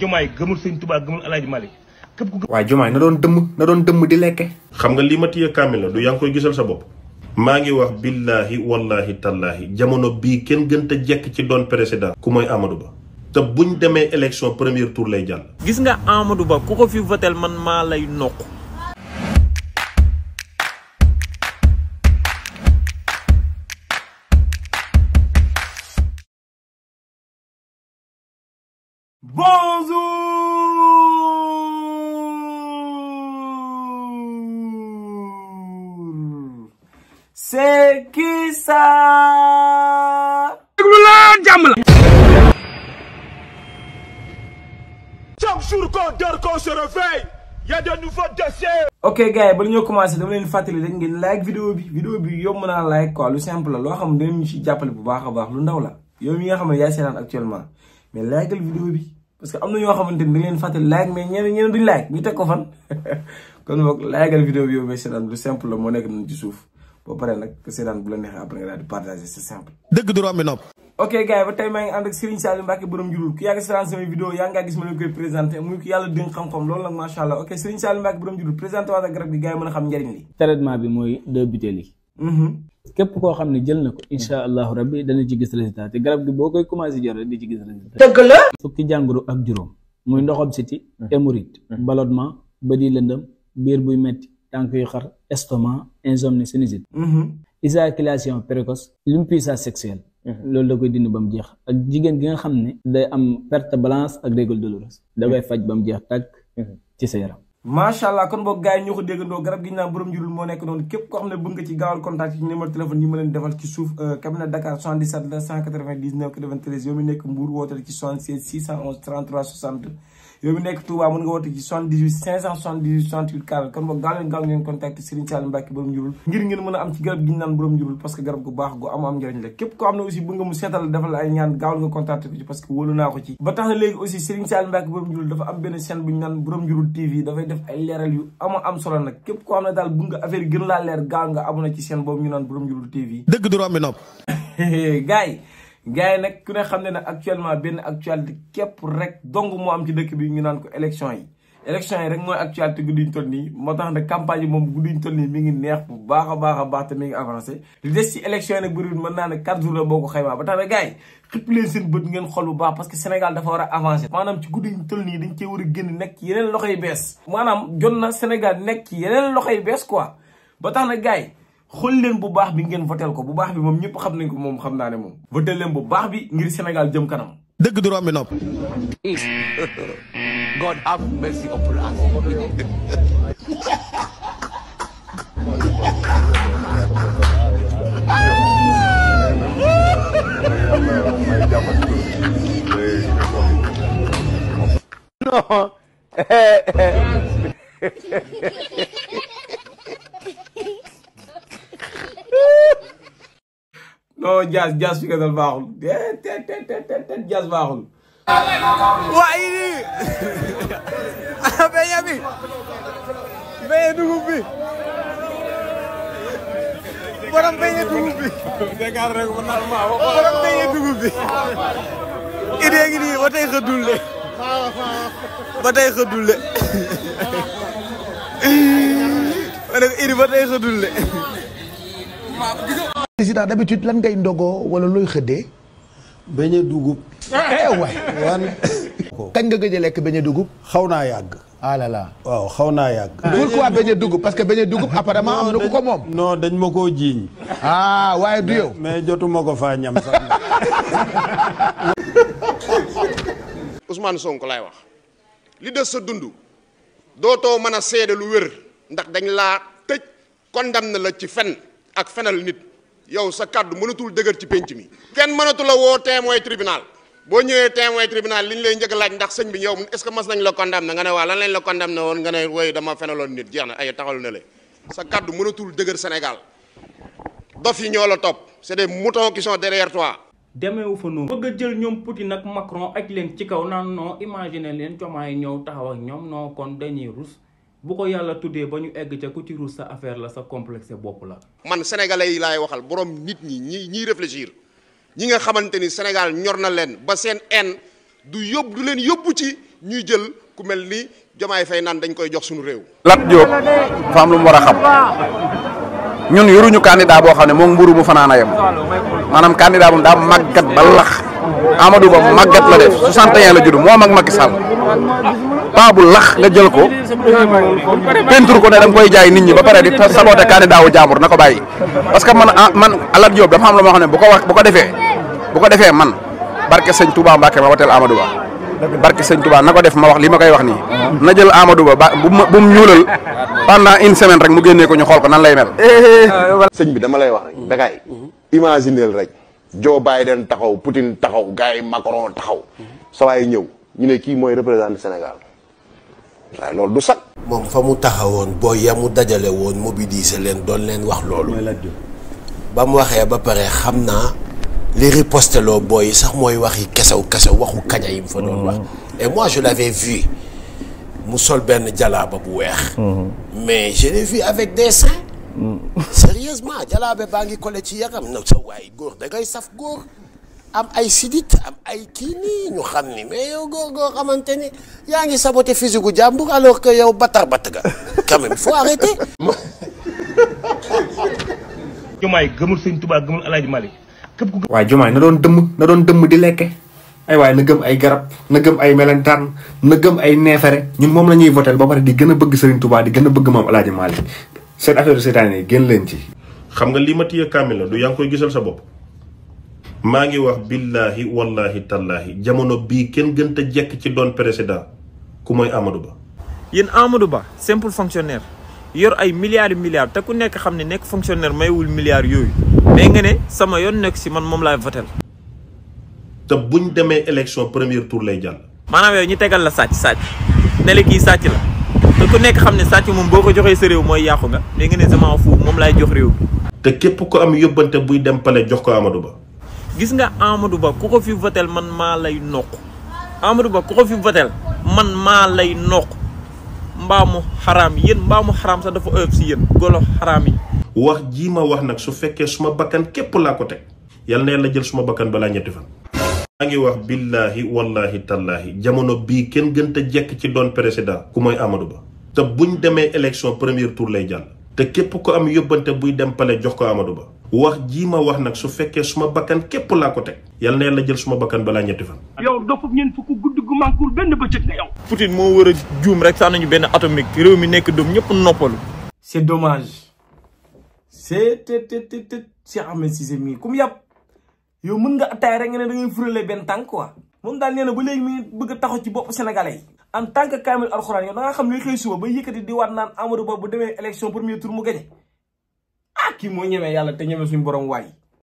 Jomaay gëmul sëñ Tuubaa gëmul Alaaji Malik képp ku gëm waaye Jomaay na doon dëmm na doon dëmm di lekke xam nga lii ma téye kaamil la du yaa ngi koy gisal sa bopp maa ngi wax billaahi wallaahi tallaahi jamono bii kenn gën a jekk ci doon président ku mooy Amadou Ba te buñ demee élection premier tour lay jàll gis nga Amadou Ba ku ko fi votel man maa lay nokk Bonjour c'est qui ça. déglu la jàmm la. chaque jour qu'on dort, qu'on se réveille, y a de nouveaux dossiers. ok gars yi bala ñoo commencé dama leen fàttali rek ngeen like vidéo bi vidéo bi yomb naa like quoi lu simple la loo xam ne dinañ ci jàppale bu baax a baax lu ndaw la yow yi nga xam ne yaay seetaan actuellement mais likeal vidéo bi. parce que am na ñoo xamante ni da ngeen fàtte like mais ñeneen ñeneen duñ like ñu teg ko fan kon boog likeal vidéo bi yow ngay lu simple la moo nekk nañ suuf boo paree nag seetaan bu la neexee après nga daal di partager c'est simple. dëgg du romb nopp. ok gars ba tey maa ngi ànd ak Serigne Saliou Mbacke borom jurul ku yàgg seetaan samay vidéo yaa ngaa gis ma leen koy présenté yàlla dëng xam-xam loolu nag macha ok Serigne Saliou Mbacke borom jurul présenté waat ak garab gi gars yi mën a xam njariñ bi mooy yi Mhm. képp koo xam ne jël na ko incha allahu rabbi dana ci gis résultat te garab gi boo koy commencé jël di ci gis résultat dëgg fukki jàngoro ak juróom muy ndoxam siti mhm. hémorroïde mhm. ballonnement bëdi lëndëm biir buy metti tànk yu xar estomac insomnie sinusite éjaculation précoce l'impuissance sexuelle loolu da koy dindi ba mu jeex ak jigéen gi nga xam ne day am perte balance ak règles douloureuses da faj ba mu jeex tàkk ci sa yaram macha allah kon boog gars yi ñoo ko déggandoo garab gi ñu naan borom njurul moo nekk noonu képp koo xam ne bëgg ci gaawal contact yi numéro téléphone yi defal ci suuf euh, cabinet Dakar 77 la 199 93 yow mi nekk Mbour wooteel ci 76 611 33 62 yow mi nekk Touba mën nga woote ci 78 578 68 40 kon boog gaaw leen gaaw ngeen contacté Serigne Saliou Mbacke borom njubul a am ci la képp ko am na aussi bu nga affaire gën laa leer gaaw nga abonné ci chaîne boobu ñu naan borom njubul TV dëgg du rombi nopp gaay gars yi nag ku ne xam ne ne actuellement benn actualité képp rek dong moo am ci dëkk bi ñu naan ko élection yi élection yi rek mooy actualité guddiñ toll nii moo campagne yi moom nii mi ngi neex bu baax a baax a baax te mi ngi avancé li des ci élection yi nag bëriwul mën naa ne 4 jours la boo ko xaymaa ba tax na gars yi seen bët ngeen xool bu baax parce que Sénégal dafa war a avancé maanaam ci guddiñ toll nii dañ cee war a génn nekk yeneen loxo yu bees maanaam jot na Sénégal nekk yeneen loxo yu bees quoi ba tax na gars xool leen bu baax bi ngeen voteel ko bu baax bi moom ñëpp xam na ko moom xam naa ne moom voteel leen bu baax bi ngir Sénégal jëm kanam dëgg du rombi nopp God No jazz jazz fi nga dal baaxul déet déet déet jazz gas baaxul. waa yii béykat bi béykat dugub bi borom béykat dugub bi. déedéet rek bu naan maa wax. borom béykat dugub bi. idée gi nii ba tey xëddul de ba tey président d'habitude lan ngay ndogoo wala looy xëddee. beñ a dugub. Eh, waay wan. kañ nga gëj lekk beñ dugub. xaw naa yàgg. ah waaw xaw naa yàgg. Ah. pourquoi beñ a dugub parce que beñ a dugub apparemment am na ku ko moom. non dañ ma koo jiiñ. ah waaye du mais jotuma ko faa ñam sax. Ousmane Sonko laay wax li des sa dund dootoo mën a seede lu wér ndax dañ laa tëj condamné la ci fen ak fenal nit. yow sa kàddu mënatul dëgër ci pénc mi kenn mënatu la woo témoin tribunal boo ñëwee témoin tribunal li ñu lay njëkk laaj ndax sëñ bi yow est-ce que mas nañ la condamné nga ne waa lan lañ la condamné woon nga ne woy dama fenaloon nit jeex na ay taxal na le sa kàddu mënatul dëgër Sénégal dof yi ñoo la topp c'est des moutons qui sont derrière toi demeewu fa noonu bëgg a jël ñoom Poutine nag Macron ak leen ci kaw naan non imaginer leen yi ñëw taxaw ñoom non kon dañuy rus bu ko yàlla tuddee ba ñu egg ca ku ci ruus sa affaire la sa complexe bopp la. man sénégalais yi laay waxal borom nit ñi ñi ñiy réfléchir ñi nga xamante ni Sénégal ñor na leen ba seen en du yóbbu du leen yóbbu ci ñuy jël ku mel ni Diomaye Faye naan dañ koy jox suñu réew. Lat Diop fam lu mu war a xam ñun yoruñu candidat boo xam ne moom mburu mu fanaan yem maanaam candidat bu daa magat ba lax Amadou Ba magat la def 61 la judd mag paa bu nga jël ko peinture ko ne dang koy jaay nit ñi ba di saboté candidat wu jaamur na ko parce que man ah, man alat Diop dafa am lu ma bu ko wax bu ko bu ko man barke sëñ Touba Mbacke ma wateel Amadou Ba barke seigne touba nako def ma wax li ma koy wax ni na jël amadou ba bu mu ñuulal pendant une semaine rek mu génné ko ñu xol ko nan lay mel seigne bi dama lay wax imaginer rek joe biden taxaw putin taxaw gaay macron taxaw sa way ñew ñu ne ki moy représenter sénégal waaw loolu du sax. moom fa mu taxawoon boo yamu dajale woon mobiliser leen doon leen wax loolu. ba mu waxee ba pare xam naa li riposteloo booy yi sax mooy waxi kesew kesew waxu kaña yi fa doon wax. Mm-hmm. et moi je l'avais vu mu sol benn jalaaba bu weex. Mm-hmm. mais je l'ai vu avec des seins. Mm-hmm. sérieusement jalaabe baa ngi collé ci yaram na sa waay góor am ay sidit am ay kini ñu xamni mais yow go go xamanteni ni yaa ngi physique jambu alors que yow batar bataga quand même faut arrêter. Jumaay gëmul seigne touba gëmul Alaaji Malik kep ku. waaye Jumaay na doon dëmm na doon dëmm di lekke ay way na gëm ay garab na gëm ay melentane na gëm ay neefere ñun mom lañuy voter ba bari di gëna bëgg seigne touba di gëna bëgg mom Alaaji Malik cette affaire de cette année gën leen ci. xam nga li ma tiyé kaamil la du yang koy gisal sa bop maa ngi wax billaahi wallaahi tallaahi jamono bii kenn gën te jekk ci doon président ku mooy amadu Ba. yéen Amadou Ba simple fonctionnaire yor ay milliards milliards te ku nekk xam ne nekk fonctionnaire maywul milliards yooyu mais nga ne sama yoon nekk si man moom laay votel te buñ demee élection premier tour lay jàll. maanaam yow ñu tegal la sàcc sàcc ne la kii sàcc la te ku nekk xam ne sàcc moom boo ko joxee sa réew mooy yàqu nga mais nga ne sama fou moom laay jox réew te képp ko am yóbbante buy dem pale jox ko Amadou gis nga Amadou Ba kuko fi votel man ma lay nok Amadou Ba kuko fi votel man ma lay nok mbamu haram yeen mbamu haram sa dafa euf ci yeen golo haram yi. wax ji ma wax nak su fekke suma bakan kep la ko tek yal jël suma bakan bala ñetti fan. ngi wax billahi wallahi tallahi jamono bi ken gënta jek ci don president ku moy Amadou Ba. te buñ démé élection premier tour lay jall te kep ko am yobante buy dem pale jox ko Amadou Ba wax ji ma wax nak su fekke suma bakkan kep la ko tek yàlla na la jël suma bakkan bala ñetti fan. yow dofu ñeen fukk gudd gu mankul benn beccëk nga yow. putin mo wëra joom rek sa nañu benn atomique rew mi nekk dom ñepp noppalu. c'est dommage c'est t t t t ci Ahmed ci mii kum yàpp yow mën nga atay rek ngeen da ngay furale ben tank quoi. mom dal neena na ba léegi mi bëgg a ci bop sénégalais en tant que kamil alcorane yow da nga xam ñuy xey suba ba yëkëti di wat naan Amadou bobu démé élection premier tour mu gañe ah kii moo yàlla te ñeme suñu borom waay